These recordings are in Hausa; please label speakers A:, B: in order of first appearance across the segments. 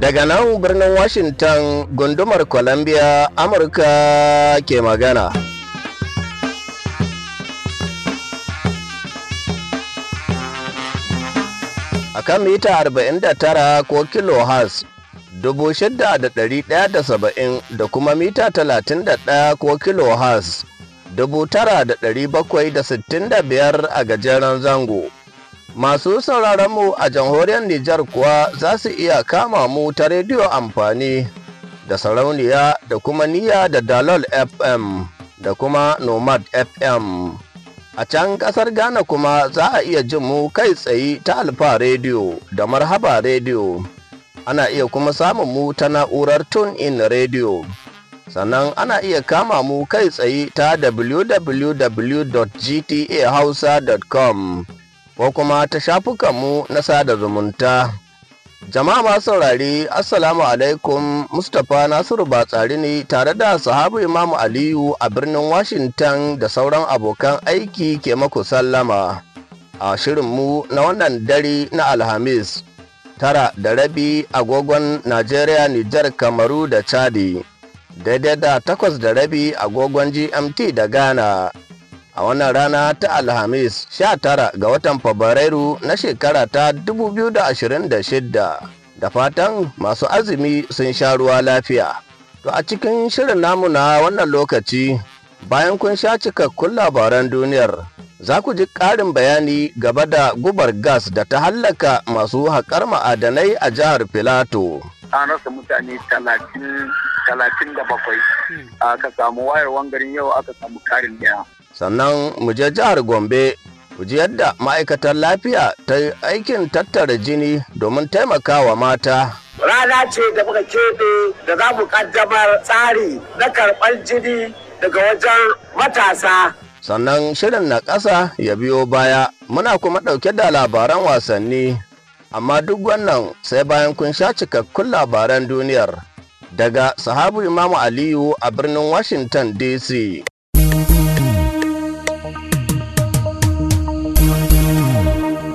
A: Daga nan birnin Washington gundumar Columbia Amurka ke magana. A kan mita 49 ko kilohertz 6,170 da kuma mita 31 ko kilohertz biyar a gajeren zango. Masu sauraron mu a jamhuriyar Nijar kuwa za su iya kama mu ta rediyo amfani da sarauniya da kuma niya da dalol FM da kuma nomad FM. A can ƙasar Ghana kuma za a iya jin mu kai tsaye ta Alfa rediyo da Marhaba rediyo. Ana iya kuma samun mu ta na'urar in rediyo. Sannan ana iya kama mu kai tsaye ta www.gtahausa.com. ko kuma ta shafukanmu na sada zumunta. Jama'a masu saurari, Assalamu alaikum Mustapha Nasiru Batsari ne tare da sahabu Imamu Aliyu a birnin Washington da sauran abokan aiki ke maku sallama a shirinmu na wannan dare na Alhamis tara da rabi agogon Najeriya, Nijar, Kamaru da Chadi daidai da takwas da rabi agogon GMT da Ghana. a wannan rana ta alhamis 19 ga watan fabrairu na shekara ta 2026 da fatan masu azumi sun sha ruwa lafiya to a cikin shirin namu na wannan lokaci bayan kun sha cikakkun labaran duniyar za ku ji ƙarin bayani gaba da gubar gas da ta hallaka masu haƙar ma'adanai a jihar filato
B: an rasa mutane talatin da bakwai hmm. aka samu wayar garin yau aka samu karin daya
A: sannan mu je jihar gombe ku ji yadda ma'aikatar lafiya ta yi aikin tattara jini domin taimakawa mata rana ce da muka keɓe da za mu kaddamar tsari na karɓar jini daga wajen
B: matasa
A: sannan shirin na ƙasa ya biyo baya muna kuma ɗauke da labaran wasanni amma duk wannan sai bayan kun sha cikakkun labaran duniyar daga sahabu imamu aliyu a birnin washington dc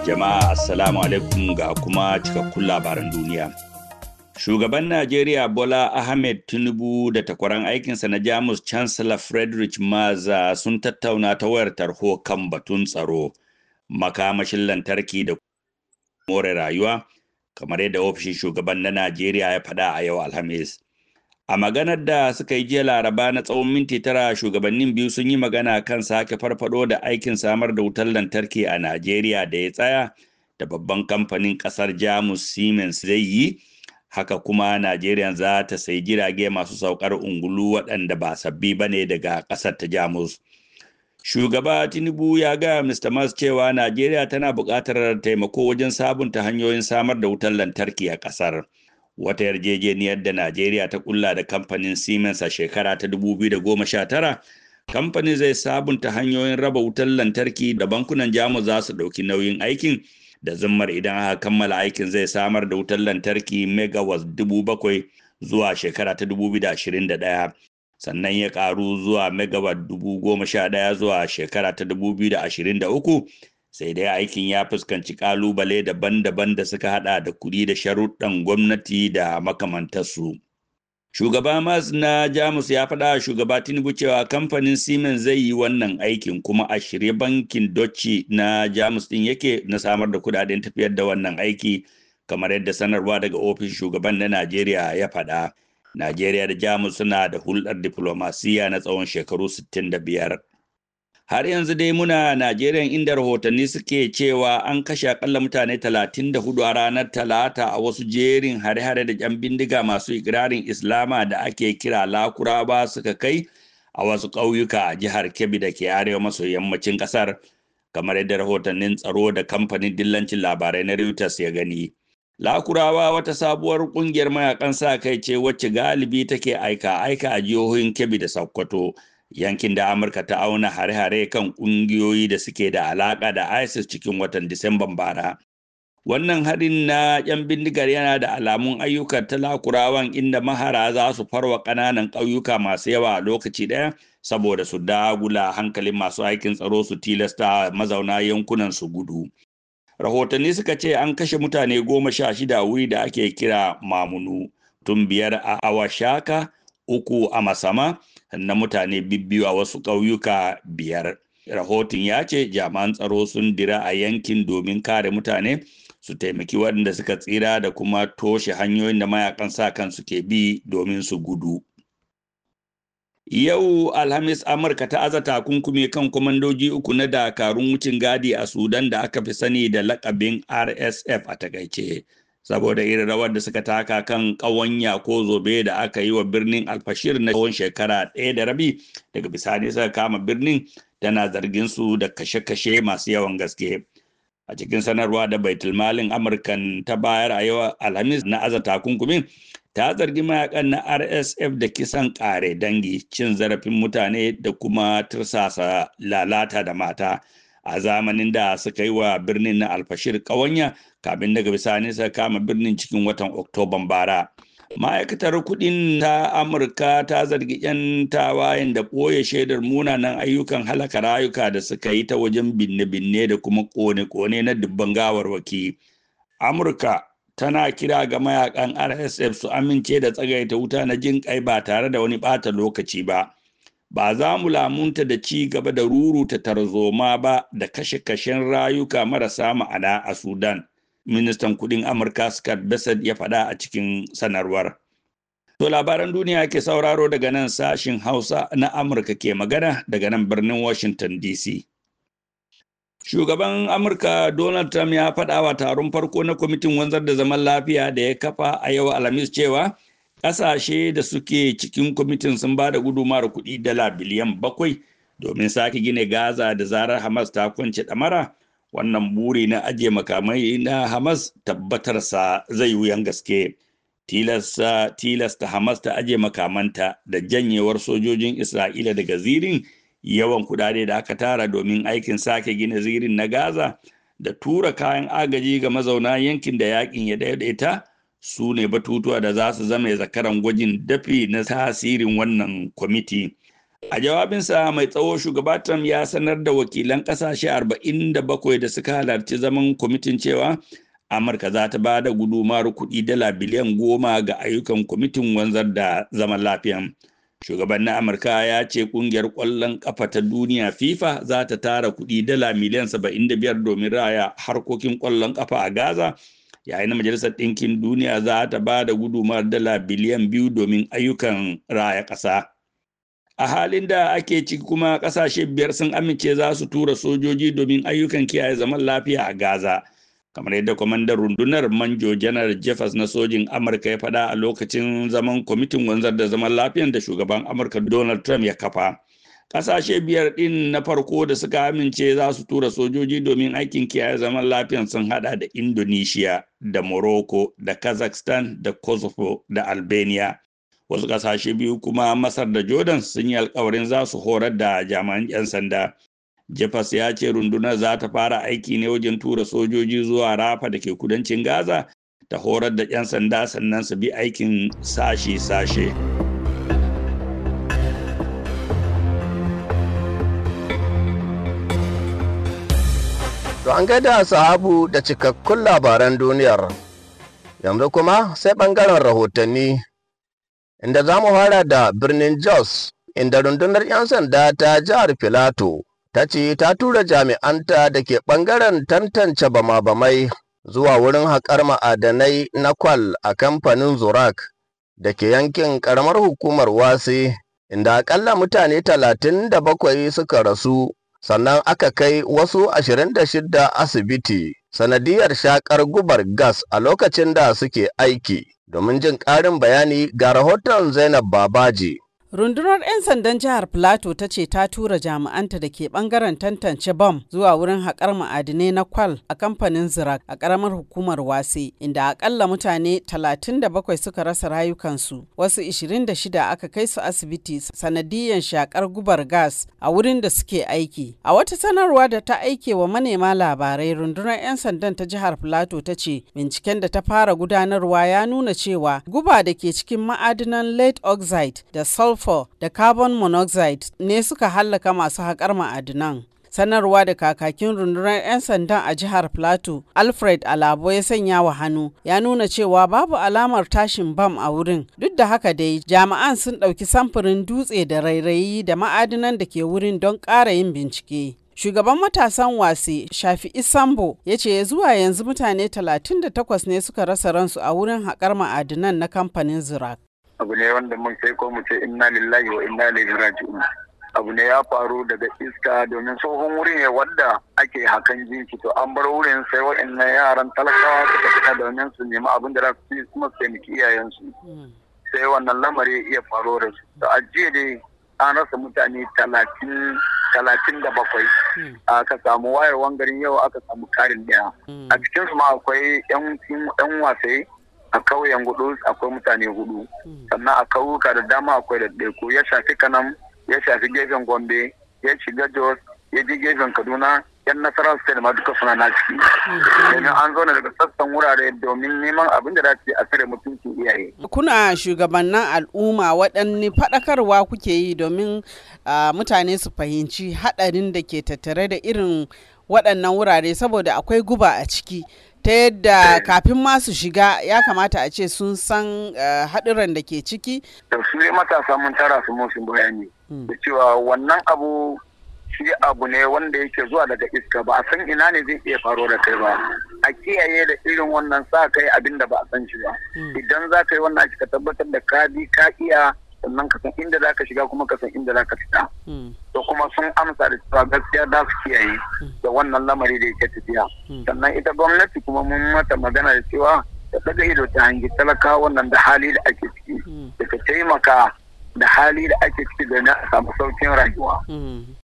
C: jama'a assalamu alaikum ga kuma cikakkun labaran duniya shugaban najeriya bola ahmed tinubu da takwaran aikinsa na jamus chancellor friedrich maza sun tattauna ta wayar tarho kan batun tsaro makamashin lantarki da more rayuwa kamar yadda ofishin shugaban na Najeriya ya faɗa a yau Alhamis. A maganar da suka yi jiya laraba na tsawon minti tara shugabannin biyu sun yi magana kan sake farfado da aikin samar da wutar lantarki a Najeriya da ya tsaya da babban kamfanin kasar Jamus Siemens zai yi haka kuma Najeriya za ta sayi jirage masu saukar ungulu waɗanda ba sabbi ba ne daga ƙasar ta Jamus. Shugaba Tinubu ya gaya Mr. Mas cewa Najeriya tana buƙatar taimako wajen sabunta hanyoyin samar da wutar lantarki a ƙasar. Wata yarjejeniyar da Najeriya ta kulla da kamfanin Siemens a shekara ta 2019, kamfanin zai sabunta hanyoyin raba wutar lantarki da bankunan Jamus za su ɗauki nauyin aikin da zummar idan aka kammala aikin zai samar da wutar lantarki megawatt dubu zuwa shekara ta 2021 sannan ya ƙaru zuwa megawatt dubu goma sha ɗaya zuwa shekara ta dubu biyu da ashirin da uku sai dai aikin ya fuskanci ƙalubale daban-daban da suka haɗa da kuɗi da sharuɗan gwamnati da makamantarsu. Shugaba Mas na Jamus ya faɗa shugaba Tinubu cewa kamfanin Siemens zai yi wannan aikin kuma a shirye bankin Doci na Jamus ɗin yake na samar da kuɗaɗen tafiyar da wannan aiki kamar yadda sanarwa daga ofis shugaban na Najeriya ya faɗa. Najeriya da Jamus suna da hulɗar diflomasiyya na tsawon shekaru 65. Har yanzu dai muna Najeriya inda rahotanni suke cewa an kashe akalla mutane 34 a ranar Talata a wasu jerin hare-hare da 'yan bindiga masu ikirarin Islama da ake kira Lakuraba suka kai a wasu ƙauyuka a jihar Kebbi da ke arewa maso yammacin ƙasar, kamar yadda rahotannin tsaro da kamfanin dillancin labarai na Reuters ya gani. Lakurawa wata sabuwar kungiyar mayakan sa kai ce wacce galibi take aika aika a jihohin Kebbi da Sokoto yankin da Amurka ta auna hare-hare kan kungiyoyi da suke da alaka da ISIS cikin watan Disamban bara. Wannan harin na 'yan bindigar yana da alamun ayyukan ta lakurawan inda mahara za su farwa ƙananan ƙauyuka masu yawa a lokaci ɗaya saboda su dagula hankalin masu aikin tsaro su tilasta mazauna yankunan su gudu. rahotanni suka ce an kashe mutane goma sha shida wuri da ake kira mamunu tun biyar a awashaka uku a masama na mutane bibbiyu a wasu ƙauyuka biyar rahoton ya ce jami'an tsaro sun dira a yankin domin kare mutane su taimaki waɗanda suka tsira da kuma toshe hanyoyin da mayakan sa kansu ke bi domin su gudu Yau Alhamis Amurka ta aza takunkumi kan kwamandoji uku na dakarun wucin gadi a Sudan da aka fi sani da lakabin RSF a takaice. Saboda irin rawar da suka taka kan ƙawanya ko zobe da aka yi wa birnin alfashir na tsawon shekara ɗaya da rabi daga bisani suka kama birnin tana zargin su da kashe-kashe masu yawan gaske. A cikin sanarwa da baitulmalin Amurkan ta bayar a yau Alhamis na aza takunkumin ta zargi mayakan na rsf da kisan ƙare dangi cin zarafin mutane da kuma tursasa lalata da mata a zamanin da suka yi wa birnin na alfashir kawanya kafin daga bisani suka kama birnin cikin watan oktoban bara ma'aikatar kudin ta amurka ta zargi 'yan tawayen da ɓoye shaidar munanan ayyukan halaka rayuka da suka yi ta wajen binne-binne da kuma kone-kone na dubban gawarwaki amurka tana kira ga mayakan rsf su amince da tsagaita wuta na jin kai ba tare da wani bata lokaci ba ba za mu lamunta da ci gaba da ruruta tarzoma ba da kashe-kashen rayuka marasa ma'ana a sudan ministan kudin amurka scott bessett ya faɗa a cikin sanarwar to labaran duniya ke sauraro daga nan sashin hausa na amurka ke magana daga nan birnin washington dc Shugaban Amurka Donald Trump ya faɗa wa taron farko na kwamitin wanzar da zaman lafiya da ya kafa a yau Alhamis cewa ƙasashe da suke cikin kwamitin sun ba da gudumar kuɗi dala biliyan bakwai domin sake gina Gaza da zarar Hamas ta kwance ɗamara. Wannan buri na ajiye makamai na Hamas tabbatarsa zai wuyan gaske. Tilasta Hamas ta ajiye makamanta da janyewar sojojin Isra'ila daga zirin yawan kudade da aka tara domin aikin sake gina zirin na Gaza da tura kayan agaji ga mazauna yankin da yakin ya daidaita su ne batutuwa da za su zama zakaran gwajin dafi na tasirin wannan kwamiti. A jawabinsa mai tsawo shugaba ya sanar da wakilan kasashe 47 da suka halarci zaman kwamitin cewa Amurka za ta ba da gudumar kuɗi dala biliyan goma ga ayyukan kwamitin wanzar da zaman lafiya. Shugaban na Amurka ya ce kungiyar ƙwallon ƙafa ta duniya FIFA za ta tara kuɗi dala miliyan 75 domin raya harkokin ƙwallon ƙafa a Gaza, yayin da Majalisar Ɗinkin Duniya za ta ba da gudumar dala biliyan biyu domin ayyukan raya ƙasa. A halin da ake ciki kuma ƙasashe biyar sun amince za su tura sojoji domin ayyukan kiyaye zaman lafiya a Gaza. kamar yadda kwamandan rundunar manjo janar jeffers na sojin amurka ya faɗa a lokacin zaman kwamitin wanzar da zaman lafiyan da shugaban amurka donald trump ya kafa ƙasashe biyar ɗin na farko da suka amince za su tura sojoji domin aikin kiyaye zaman lafiyan sun hada da indonesia da morocco da kazakhstan da kosovo da albania wasu ƙasashe biyu kuma masar da jordan sun yi alkawarin za su horar da jami'an 'yan sanda jafas ya ce rundunar za ta fara aiki ne wajen tura sojoji zuwa rafa da ke kudancin Gaza ta horar da 'yan sanda sannan su bi aikin sashe-sashe.
A: To an gaida sahabu da cikakkun labaran duniyar. Yanzu kuma sai ɓangaren rahotanni, inda za mu fara da birnin Jos, inda rundunar 'yan sanda ta jihar Filato. ta ce ta tura jami'anta da ke ɓangaren tantance bama-bamai zuwa wurin haƙar ma'adanai na kwal a kamfanin Zurak da ke yankin ƙaramar hukumar Wase, inda aƙalla mutane talatin da bakwai suka rasu, sannan aka kai wasu ashirin da shidda asibiti sanadiyar shaƙar gubar gas a lokacin da suke aiki. Domin jin ƙarin bayani ga rahoton Zainab Babaji.
D: Rundunar 'yan sandan jihar Plateau ta ce ta tura jami'anta da ke bangaren tantance bom zuwa wurin haƙar ma'adinai na kwal a kamfanin Zirak a ƙaramar hukumar Wase, inda akalla mutane 37 suka rasa rayukansu, wasu 26 aka kai su asibiti sanadiyan shakar gubar gas a wurin da suke aiki. A wata sanarwa da ta aike wa manema labarai rundunar 'yan sandan ta jihar Plateau ta ce binciken da ta fara gudanarwa ya nuna cewa guba da ke cikin ma'adinan lead oxide da sulfur sulfur da carbon monoxide ne suka hallaka masu haƙar ma'adinan. sanarwa da kakakin rundunar 'yan sandan a jihar plateau alfred alabo ya sanya wa hannu ya nuna cewa babu alamar tashin bam a wurin duk da haka dai jami'an sun ɗauki samfurin dutse da rairayi da ma'adinan da ke wurin don ƙara yin bincike shugaban matasan wasi shafi isambo ya ce zuwa yanzu mutane 38 ne suka rasa ransu a wurin haƙar ma'adinan na kamfanin zurak
B: abu ne wanda mun sai ko mu ce inna lillahi wa inna ilaihi raji'un abu ne ya faru daga iska domin tsohon wurin ya wanda ake hakan jinki to an bar wurin sai waɗannan yaran talakawa suka fita domin su nemi abin da za su yi kuma su taimaki iyayensu hmm. sai wannan lamari iya faro da su to a jiya dai an rasa mutane talatin da bakwai hmm. aka samu wayar garin yau aka samu karin daya hmm. a cikin su ma akwai yan wasai a kauyen hudu akwai mutane hudu sannan a kauyuka da dama akwai da ɗaiɗaiku ya shafi kanam ya shafi gefen gombe ya shiga jos ya ji gefen kaduna yan nasara su ma duka suna na ciki domin an zo daga sassan wurare domin neman abin da za su a tsire mutuncin iyaye
D: kuna shugabannin al'umma waɗanne faɗakarwa kuke yi domin mutane su fahimci haɗarin da ke tattare da irin waɗannan wurare saboda akwai guba a ciki ta yadda kafin ma su shiga ya kamata a ce sun san eh, haɗuran da ke ciki
B: da su ne matasa mun tara su musu bayani hmm. da cewa wannan abu shi abu ne wanda yake zuwa daga iska ba a san ina ne zai iya faro da kai ba a kiyaye da irin wannan sa kai abinda ba a san shi ba hmm. idan za ka yi wannan ka tabbatar da ka bi ka iya sannan ka san inda za ka shiga kuma ka inda za ka fita hmm. to kuma sun amsa da cewa gaskiya za su kiyaye hmm. da wannan lamari da yake tafiya hmm. sannan ita gwamnati kuma mun mata magana da cewa da daga ido ta hangi talakawa wannan da hali da ake ciki da ka taimaka da hali da ake ciki da na samu saukin rayuwa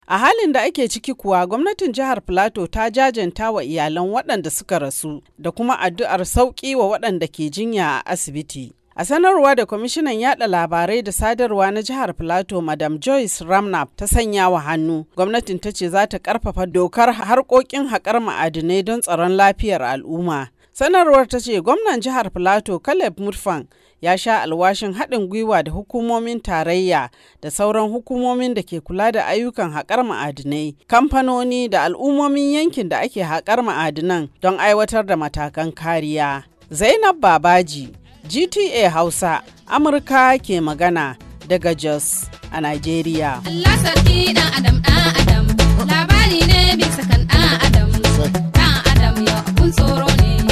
D: A halin da ake ciki kuwa gwamnatin jihar Filato ta jajanta wa iyalan waɗanda suka rasu da kuma addu'ar sauƙi wa waɗanda ke jinya a asibiti. A sanarwa da kwamishinan yada labarai da sadarwa na jihar Filato Madam Joyce Ramnap ta sanya wa hannu, gwamnatin ta ce za ta karfafa dokar harkokin haƙar ma'adinai don tsaron lafiyar al'umma. Sanarwar ta ce gwamnan jihar Filato Caleb Mutfan ya sha alwashin haɗin gwiwa da hukumomin tarayya da sauran hukumomin da ke kula da ayyukan haƙar ma'adinai kamfanoni da al'ummomin yankin da ake haƙar ma'adinan don aiwatar da matakan kariya zainab babaji GTA Hausa, Amurka ke magana daga Jos a Najeriya. Allah
C: sarki
A: labari ne bisa kan dan Adam, dan Adam ya kun tsoro ne.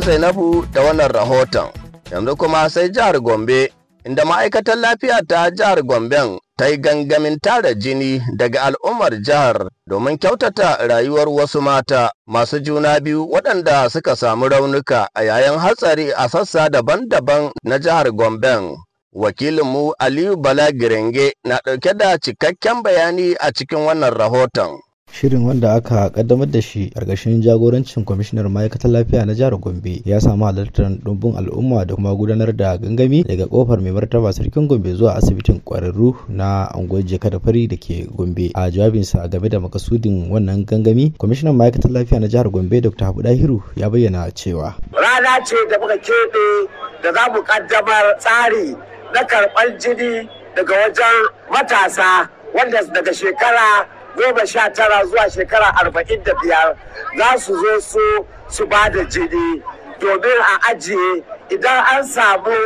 A: Zainabu da wannan rahoton. Yanzu kuma sai jihar Gombe, inda ma'aikatar lafiya ta jihar Gomben ta yi gangamin tara jini daga al'ummar jihar domin kyautata rayuwar wasu mata masu juna biyu waɗanda suka samu raunuka a yayin hatsari a sassa daban-daban na jihar Gomben. Wakilinmu Aliyu Bala Girenge na ɗauke da cikakken bayani a cikin wannan rahoton.
E: Shirin wanda aka kaddamar da shi ƙarƙashin jagorancin kwamishinar ma'aikatar lafiya na jihar Gombe ya samu halartar dumbin al'umma da kuma gudanar da gangami daga kofar mai martaba sarkin Gombe zuwa asibitin ƙwararru na unguwar Jeka da Fari da ke Gombe. A jawabinsa game da makasudin wannan gangami, kwamishinan ma'aikatar lafiya na jihar Gombe Dr. Habu Dahiru ya bayyana cewa.
B: Rana ce da muka keɓe da za mu kaddamar tsari na karɓar jini daga wajen matasa wanda daga shekara goma sha tara zuwa shekara arba'in da biyar
A: za su zo su su ba da jini domin a ajiye idan an
B: samu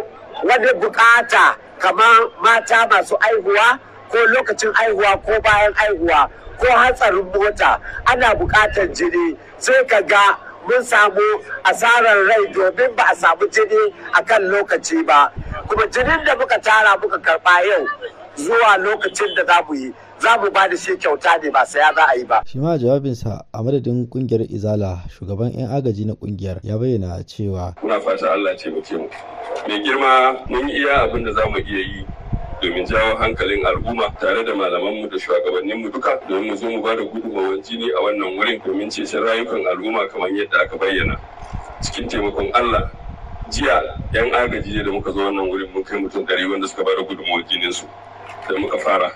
B: wani bukata kamar mata masu aihuwa ko lokacin aihuwa ko bayan aihuwa ko hatsarin mota ana bukatar jini sai ka ga mun samu asarar rai domin ba a samu jini a kan lokaci ba kuma jinin da muka tara muka karba yau zuwa lokacin da za mu yi za mu ba da shi kyauta ne ba saya za a yi ba.
E: shi ma jawabinsa a madadin kungiyar izala shugaban 'yan agaji na kungiyar ya bayyana cewa.
A: muna fata allah ce mu
C: mai girma mun iya abin da za mu iya yi domin jawo hankalin al'umma tare da malamanmu da shugabanninmu duka domin mu zo mu ba da gudunmawar jini a wannan wurin domin cecen rayukan al'umma kamar yadda aka bayyana cikin taimakon allah jiya yan agaji da muka zo wannan wurin mun kai mutum ɗari wanda suka ba da gudunmawar jininsu da muka fara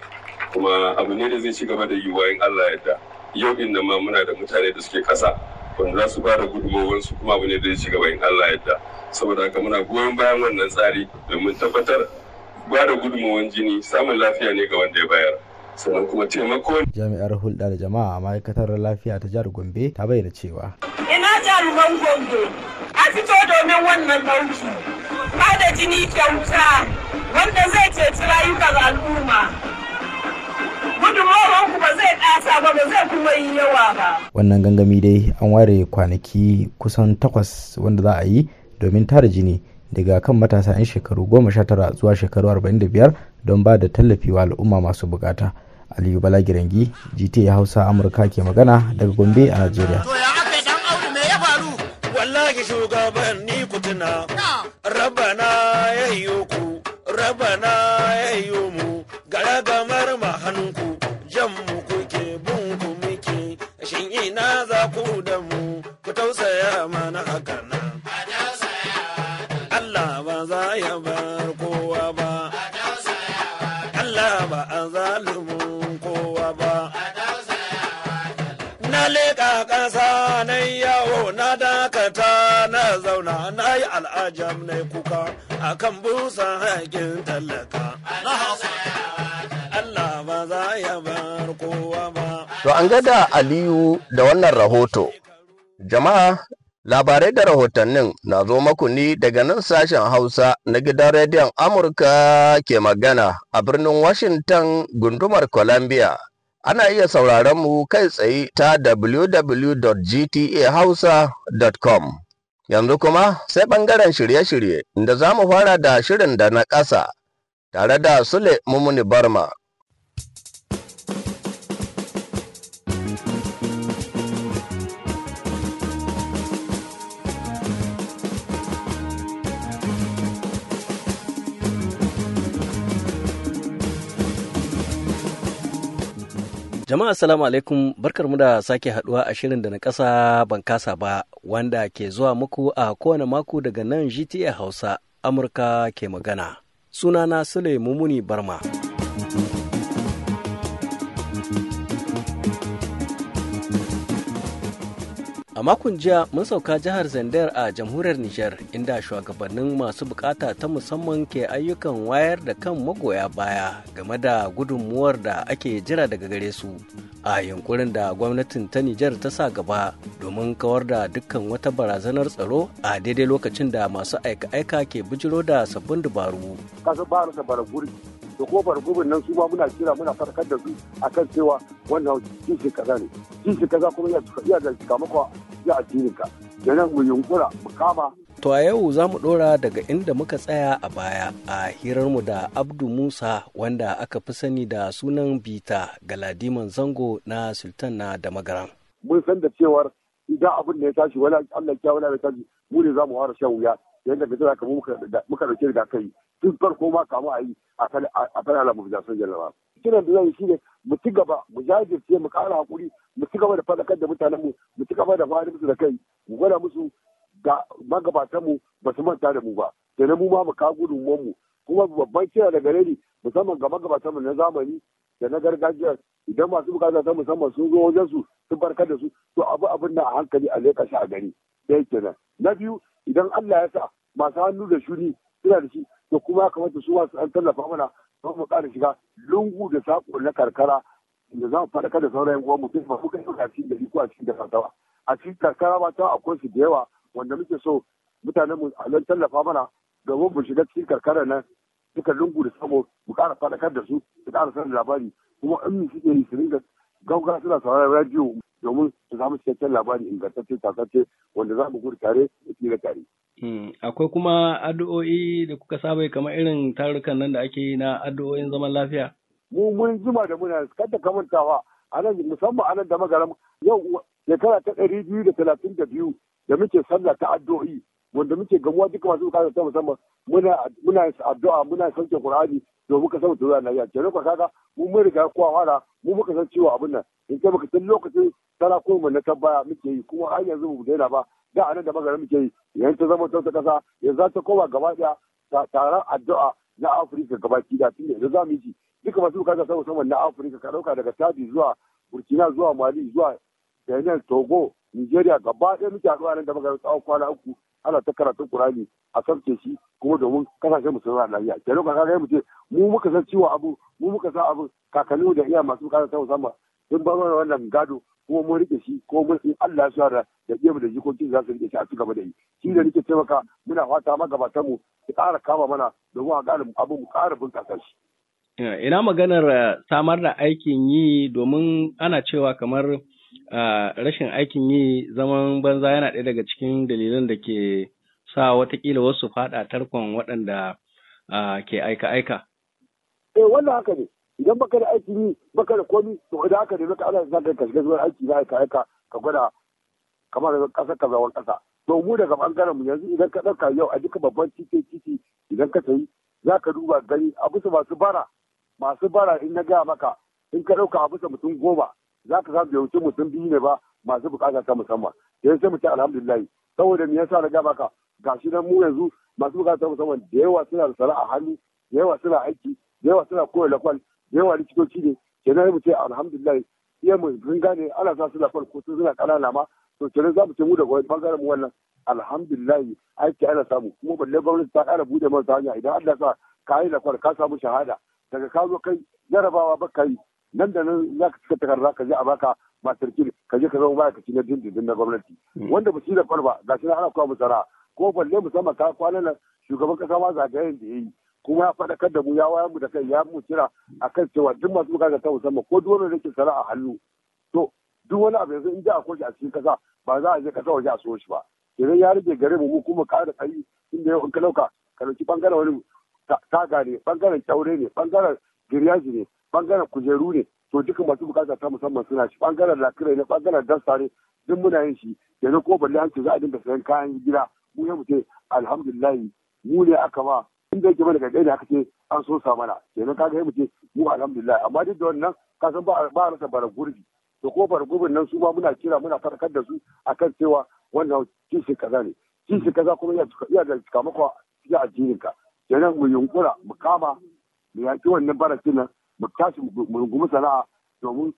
C: kuma abu ne da zai ci gaba da yiwuwa in Allah yadda yau din nan ma muna da mutane da suke kasa wanda za su bada gudunmawar su kuma abu ne da zai ci gaba in Allah yadda saboda haka muna goyon bayan wannan tsari domin tabbatar bada gudunmawar jini samun lafiya ne ga wanda ya bayar
A: sannan kuma taimako
E: jami'ar hulɗa da jama'a a ma'aikatar lafiya ta jihar gombe ta bayyana cewa
D: ina jaruman gombe a fito domin wannan ɗauki ba da jini kyauta wanda zai ceci rayukan al'umma
F: gudunmawanku ba zai ɗasa ba ba zai kuma yi yawa ba.
E: Wannan gangami dai an ware kwanaki kusan takwas wanda za a yi domin tara jini daga kan matasa 'yan shekaru goma sha tara zuwa shekaru arba'in da biyar don ba da tallafi wa al'umma masu bukata. Aliyu Balagirangi, GTA Hausa Amurka ke magana daga Gombe a Najeriya. ku
B: rabana ya ku rabana ya ina za ku da mu ku tausaya mana haka nan. Allah ba za ya bar kowa ba. Allah ba a zalumin kowa ba. Na leƙa ƙasa na yawo na dakata na zauna na yi al'ajam na kuka a kan busa haƙin tallaka. Allah ba za ya bar
A: kowa To an gada Aliyu da wannan rahoto. Jama'a labarai da rahotannin na zo maku daga nan sashen Hausa na gidan rediyon Amurka ke magana a birnin Washington gundumar Columbia. Ana iya sauraron mu kai tsaye ta www.gtahausa.com. Yanzu kuma sai ɓangaren shirye-shirye inda za mu fara da shirin da na ƙasa tare da Sule Mumuni Barma.
F: Jama'a salamu alaikum barkar mu da sake haduwa a shirin da na kasa ban kasa ba wanda ke zuwa muku a kowane mako daga nan GTA Hausa Amurka ke magana. Sunana Sule Mumuni Barma. A makon jiya mun sauka jihar Zandar a jamhuriyar Nijar inda shugabannin masu bukata ta musamman ke ayyukan wayar da kan magoya baya game da gudunmuwar da ake jira daga gare su a yankurin da gwamnatin ta Nijar ta sa gaba domin kawar da dukkan wata barazanar tsaro a daidai lokacin da masu aika-aika ke bijiro da sabbin dabaru.
G: ba da kofar da nan su ma muna kira muna farkar da su akan cewa wannan kishin kaza ne. Kishin kaza kuma iya da kamakwa ji addininka da nan mu yunkura mu kama
F: To a yau za mu ɗora daga inda muka tsaya a baya a hirar mu da Abdu Musa wanda aka fi sani da sunan Bita Galadiman Zango na Sultan na Damagaram.
G: Mun san da cewar idan abin da ya tashi wani Allah ya ya tashi mu ne za mu fara shan wuya yadda ka zaka muka dauke kai tun farko ma kamu a yi a kan alamu da sun jallaba kiran da zai ne mu ci gaba mu jajirce mu kara hakuri mu ci gaba da fadakar da mutanen mu mu ci gaba da fara musu da kai mu gwada musu ga magabatan mu ba su manta da mu ba na mu ma mu ka gudun mu kuma babban kira da gare ni musamman ga magabatan mu na zamani da na gargajiya idan masu bukata ta musamman sun zo wajen su sun barkar da su to abu abin na a hankali a leka shi a gani sai kenan na biyu idan Allah ya sa masu hannu da shuni suna da shi da kuma ya kamata su wasu an tallafa mana don mu ƙara shiga lungu da saƙo na karkara da za mu faɗakar da sauran uwan mu kuma kai yi a cikin gari ko a cikin karkara a cikin karkara ma ta akwai su da yawa wanda muke so mutanen mu a tallafa mana domin mu shiga cikin karkara nan duka lungu da saƙo mu ƙara faɗakar da su su ƙara sanin labari kuma in mu suke yi su ringa gauga suna sauraron rajiyo domin su samu cikakken labari ingantacce tatacce wanda za mu gudu tare da tsira tare.
F: Mm, akwai kuma addu'o'i da kuka saba kamar irin tarukan nan da ake yi na addu'o'in zaman lafiya?
G: Mu mun jima da muna kada ka mantawa a nan musamman a nan da magaram yau shekara ta ɗari biyu da talatin da biyu da muke sallah ta addu'o'i wanda muke gamuwa duka masu bukatar ta musamman muna muna addu'a muna sauke Qur'ani domin ka samu tura Najeriya kenan ka kaga mu mun riga kowa fara mu muka san cewa abin nan in kai baka san lokacin sarakun mu ta baya muke yi kuma har yanzu mu daina ba da anan da magana muke yi yayin ta zama ta kasa ya za ta kowa gaba daya taron addu'a na afirka ki da tun yanzu za mu yi duka masu bukata ta saman na afirka ka dauka daga chadi zuwa burkina zuwa mali zuwa benin togo nigeria gaba ɗaya muke haɗuwa nan da magana tsawon kwana uku ana ta karatu kurani a sauke shi kuma domin kasashen mu sun lafiya kenan ka ya mu ce mu muka san ciwo abu mu muka san abu kakanni da iya masu bukata ta saman. sun ba mana wannan gado kuma mun rike shi ko mun yi Allah ya da da iyamu da jikokin za su rike shi a cigaba da yi shi da nake taimaka muna fata magabatan mu su ƙara kama mana domin a ƙara abin mu ƙara bunƙasa
F: shi ina maganar eh, samar da aikin yi domin ana cewa kamar eh, rashin aikin yi zaman banza yana ɗaya daga cikin dalilan da ke sa watakila wasu faɗa tarkon waɗanda eh, ke aika-aika.
G: Eh wannan haka ne, idan baka da aiki ni baka da komi to kada haka ne ka ana sa ka shiga zuwa aiki za ka aika ka gwada kamar kasa ka zawon kasa to mu daga bangaren mu yanzu idan ka dauka yau a duka babban titi titi idan ka sayi za ka duba gani a bisa masu bara masu bara in na gaya maka in ka dauka a bisa mutum goma za ka samu da wuce mutum biyu ne ba masu bukata ta musamman da sai mutum saboda me yasa na gaya maka gashi nan mu yanzu masu bukata ta musamman da yawa suna da sana'a hannu da yawa suna aiki da yawa suna koyar da lakwal da yawa likitoci ne ke na ce alhamdulillah iya mu sun gane ana sa su lafar ko suna kanana ma to kenan za mu ce mu da bangaren mu wannan alhamdulillah aiki ana samu kuma balle gwamnati ta kara bude masa hanya idan Allah sa ka yi lafar ka samu shahada daga ka zo kai jarabawa ba kai nan da nan za ka cika takarda ka je a baka ba kiri ka je ka zama ci na dindindin na gwamnati hmm. wanda ba shi da kwalba ga shi na ana kawo musara ko balle musamman ka kwana nan shugaban kasa ma zagayen da ya kuma ya faɗakar da mu ya wayar mu da kai ya mu kira kan cewa duk masu da ta musamman ko duk wanda yake a hannu to duk wani abu yanzu in ji a shi a cikin kasa ba za a je kasa waje a soshi ba idan ya rage gare mu mu kuma ƙara kai inda yau in ka ka ɗauki bangaren wani taga ne bangaren kyaure ne bangaren giryaji ne ɓangaren kujeru ne to duka masu bukata ta musamman suna shi ɓangaren lakirai ne ɓangaren dasa ne duk muna yin shi yanzu ko balle an ce za a dinga sayan kayan gida mu ya mu ce alhamdulilayi mu ne aka ba inda yake mana kai da aka ce an so sa mana kenan kaga mu ce mu alhamdulillah amma duk da wannan ka san ba ba rasa to ko bara nan su ba muna kira muna farkar da su akan cewa wannan kishi kaza ne kishi kaza kuma ya da kamako ya addinin ka kenan mu yunkura mu kama mu yaki wannan barakin nan mu tashi mu rungumi sana'a domin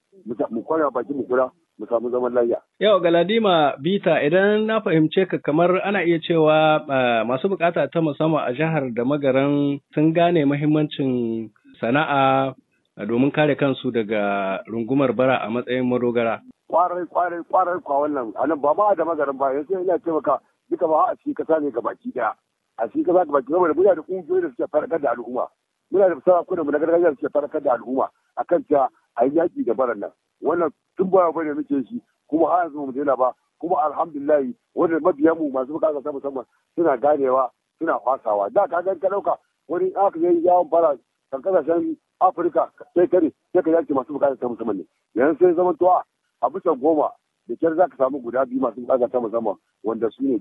G: mu kware baki mu kura mu samu zaman lafiya.
F: Yau Galadima Bita idan na fahimce ka kamar ana iya cewa ah, masu bukata ta musamman a jihar da magaran sun gane mahimmancin sana'a ah, domin kare kansu daga rungumar bara a matsayin madogara.
B: Kwarai kwarai kwarai kwa wannan anan ba ma
G: da magaran ba yanzu ina ce maka duka ba a cikin kasa ne gabaki daya. A cikin kasa gabaki daya muna da kungiyoyi da suke farkar da al'umma. Muna da sarakuna mu na gargajiya da suke farkar da al'umma akan cewa a yi yaƙi da baran nan. wannan tun baya bane muke shi kuma har yanzu mu daina ba kuma alhamdulillah wani mabiyan mu masu bukata ta musamman suna ganewa suna fasawa da ka ga ka dauka wani aka yi yawon fara kan kasashen afirka sai kare sai ka yaki masu bukata ta musamman ne yanzu sai zaman tuwa a bisa goma da kyar za ka samu guda biyu masu bukata ta musamman wanda su ne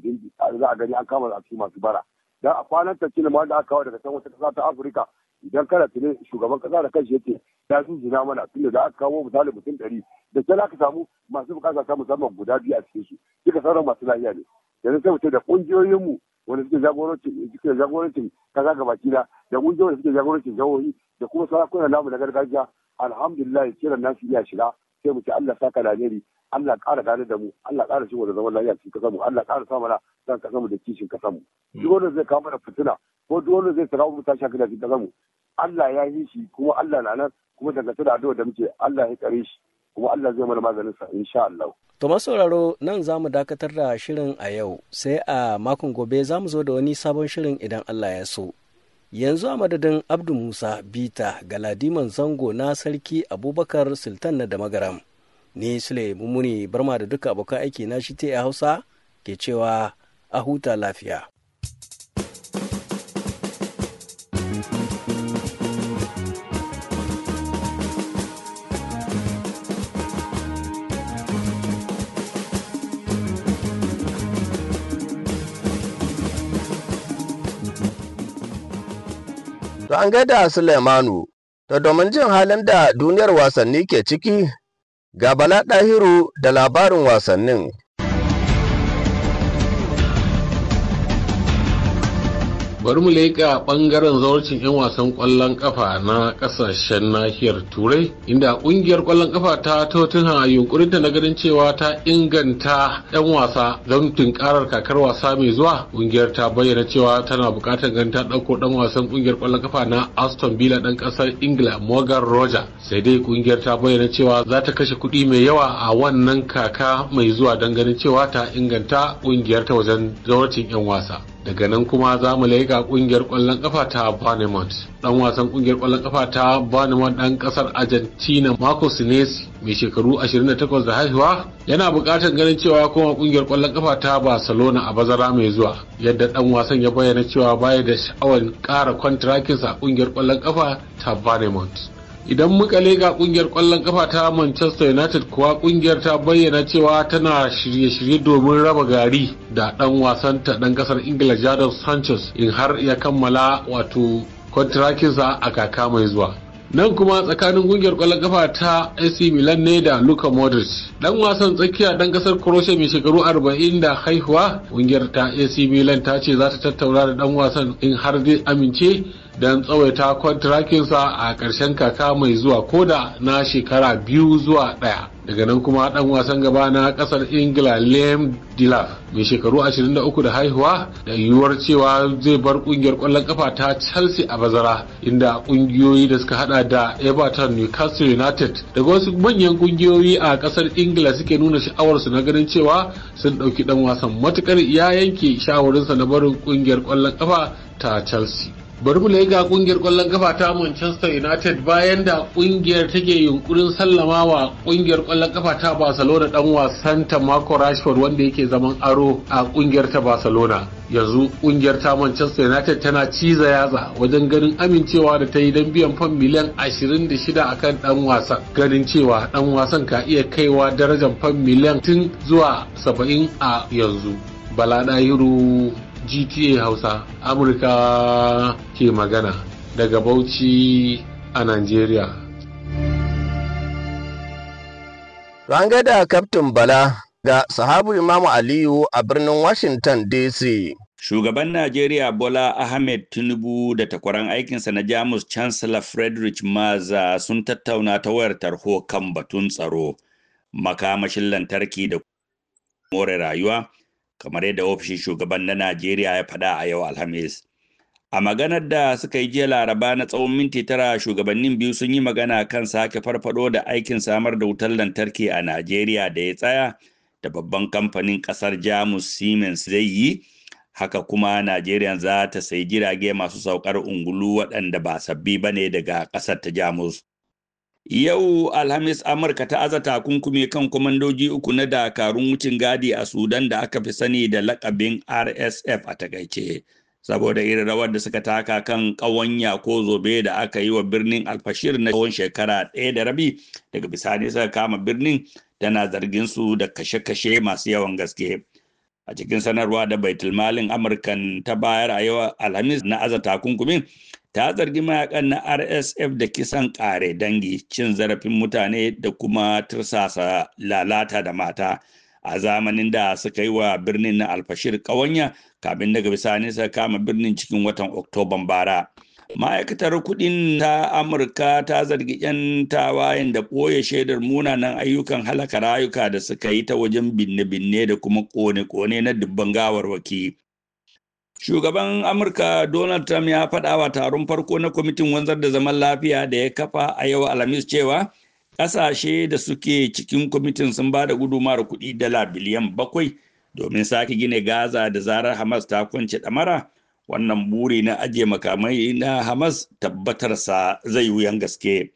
G: za a gani an kama a su masu bara dan a kwanan ta kila ma da aka kawo daga can wata kasa ta afirka idan kana tunai shugaban kasa da kanshi yake ya zuzuna mana tunda da aka kawo misali mutum ɗari da ke aka samu masu bukata ta musamman guda biyu a cikin su duka sauran masu lafiya ne yanzu sai mutum da ƙungiyoyinmu wanda suke jagorancin suke jagorancin kasa gabaki na da ƙungiyoyin da suke jagorancin jihohi da kuma sarakunan namu na gargajiya alhamdulillah kiran nasu iya shiga sai mu ce Allah saka Najeri Allah ƙara gane da mu Allah ƙara shigo da zaman lafiya cikin kasa mu Allah ƙara sa mana san kasa mu da kishin kasa mu duk wanda zai kawo mana fitina ko dole zai sarawa mu tashi haka da kasar mu Allah ya yi shi kuma Allah na nan kuma daga tada addu'a da muke Allah ya kare shi kuma Allah zai mana maganin sa insha Allah
F: to masauraro nan za mu dakatar da shirin a yau sai a makon gobe za mu zo da wani sabon shirin idan Allah ya so yanzu a madadin abdu musa bita galadiman zango na sarki abubakar sultan na da magaram ni sule mummuni barma da duka abokan aiki na shi ta hausa ke cewa a huta lafiya
A: To an gaida Suleimanu, to domin jin halin da duniyar wasanni ke ciki, ga Bala dahiru da labarin wasannin.
H: bari mu leƙa ɓangaren zawarcin 'yan wasan ƙwallon ƙafa na ƙasashen nahiyar turai inda ƙungiyar ƙwallon ƙafa ta tottenham a yunkurin ta na ganin cewa ta inganta 'yan wasa don tunkarar kakar wasa mai zuwa ƙungiyar ta bayyana cewa tana buƙatar ganin ta ɗauko ɗan wasan ƙungiyar ƙwallon ƙafa na aston villa ɗan ƙasar ingila morgan roger sai dai ƙungiyar ta bayyana cewa za ta kashe kuɗi mai yawa a wannan kaka mai zuwa don ganin cewa ta inganta ƙungiyar ta wajen zawarcin 'yan wasa daga nan kuma za mu laika kungiyar kwallon kafa ta Bournemouth dan wasan kungiyar kwallon kafa ta Bournemouth dan kasar Argentina Marco Sinesi mai shekaru 28 da haihuwa yana bukatar ganin cewa kuma kungiyar kwallon kafa ta Barcelona a bazara mai zuwa yadda dan wasan ya bayyana cewa baya da sha'awar kara kwantarakinsa a kungiyar kwallon kafa ta Bournemouth idan muka lega kungiyar kwallon kafa ta manchester united kuwa kungiyar ta bayyana cewa tana shirye-shirye domin raba gari da dan wasanta dan kasar ingila jadon sanchez in har ya kammala wato kwantarakinsa a kaka mai zuwa nan kuma tsakanin kungiyar kwallon kafa ta AC Milan ne da Luka Modric dan wasan tsakiya dan kasar Croatia mai shekaru 40 da haihuwa kungiyar ta AC Milan ta ce za ta tattauna da dan wasan in har zai amince don tsawaita kwantarakinsa a ƙarshen kaka mai zuwa koda na shekara biyu zuwa ɗaya daga nan kuma ɗan wasan gaba na ƙasar ingila liam dilaf mai shekaru 23 da haihuwa da yiwuwar cewa zai bar ƙungiyar kwallon kafa ta chelsea a bazara inda ƙungiyoyi da suka hada da everton newcastle united daga wasu manyan ƙungiyoyi a ƙasar ingila suke nuna sha'awarsu na ganin cewa sun ɗauki ɗan wasan matukar ya yanke shawarinsa na barin ƙungiyar kwallon kafa ta chelsea bari mu ga kungiyar kwallon kafa ta Manchester United bayan da kungiyar take yunkurin sallama wa kungiyar kwallon kafa ta Barcelona dan wasan ta Marco Rashford wanda yake zaman aro a kungiyar ta Barcelona yanzu kungiyar ta Manchester United tana ciza yatsa wajen ganin amincewa da ta yi don biyan fam miliyan 26 akan dan wasan ganin cewa dan wasan ka iya kaiwa darajar fam miliyan tun zuwa 70 a yanzu Bala Dahiru GTA Hausa Amurka ke magana daga Bauchi a Najeriya. Ranga da Kaftin Bala ga sahabu Imamu
A: Aliyu a birnin Washington DC. Shugaban Najeriya Bola Ahmed Tinubu
C: da takwaran aikinsa na Jamus Chancellor Friedrich Maza sun tattauna ta wayar tarho kan batun tsaro, makamashin lantarki da more rayuwa. kamar yadda ofishin shugaban na Najeriya ya faɗa a yau Alhamis. A maganar da suka yi jiya laraba na tsawon minti tara shugabannin biyu sun yi magana kan sake farfado da aikin samar da wutar lantarki a Najeriya da ya tsaya da babban kamfanin kasar Jamus Siemens zai yi. Haka kuma Najeriya za ta sayi jirage masu saukar ungulu waɗanda ba sabbi ba ne daga ƙasar ta Jamus. Yau Alhamis Amurka ta aza takunkumi kan kwamandoji uku na dakarun wucin gadi a Sudan da aka fi sani da lakabin RSF a takaice. Saboda irin rawar da suka taka kan ƙawanya ko zobe da aka yi wa birnin alfashir na tsawon shekara ɗaya da rabi daga bisani suka kama birnin tana zargin su da kashe-kashe masu yawan gaske. A cikin sanarwa da baitulmalin Amurkan ta bayar a yau Alhamis na aza takunkumin ta zargi mayakan na rsf da kisan ƙare dangi cin zarafin mutane da kuma tirsasa lalata da mata a zamanin da suka yi wa birnin na alfashir ƙawanya kafin daga bisani suka kama birnin cikin watan oktoban bara ma'aikatar kudin ta amurka ta zargi 'yan tawayen da ɓoye shaidar munanan ayyukan halaka rayuka da suka yi ta wajen binne-binne da kuma kone-kone na dubban gawarwaki Shugaban Amurka Donald Trump ya faɗa wa taron farko na kwamitin wanzar da zaman lafiya da ya kafa a yau Alhamis cewa ƙasashe da suke cikin kwamitin sun ba da gudumar kuɗi dala biliyan bakwai domin sake gina Gaza da zarar Hamas ta kwance ɗamara. Wannan buri na ajiye makamai na Hamas tabbatarsa zai wuyan gaske.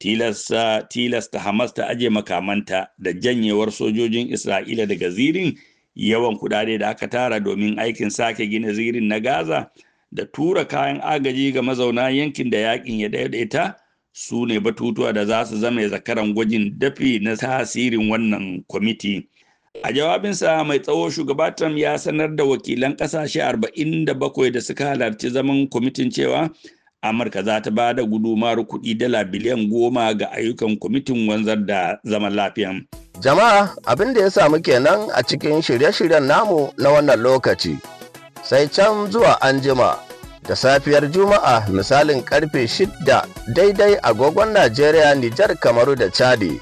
C: Tilasta Hamas ta ajiye makamanta da janyewar sojojin Isra'ila daga zirin yawan kudade da aka tara domin aikin sake gina zirin na gaza da tura kayan agaji ga mazauna yankin da yakin ya daidaita su ne batutuwa da za su zama zakaran gwajin dafi na tasirin wannan kwamiti a jawabinsa mai tsawo shugaba trump ya sanar da wakilan kasashe 47 da suka halarci zaman kwamitin cewa amurka za ta ba da gudumar kuɗi dala biliyan goma ga ayyukan kwamitin
A: wanzar da zaman lafiya. Jama'a abin da ya samu kenan a cikin shirye-shiryen namu na wannan lokaci. Sai can zuwa anjima da safiyar Juma'a misalin karfe shidda daidai agogon Najeriya, Nijar, Kamaru da Chadi.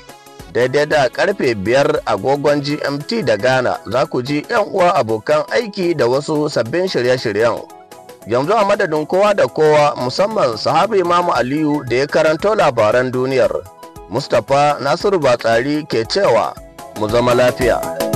A: Daidai da karfe biyar agogon GMT da Ghana za ku ji 'yan uwa abokan aiki da wasu sabbin shirye-shiryen. Yanzu a madadin kowa da kowa musamman sahabi Imamu Aliyu da ya karanto labaran duniyar. mustapha nasiru batsari ke cewa mu zama lafiya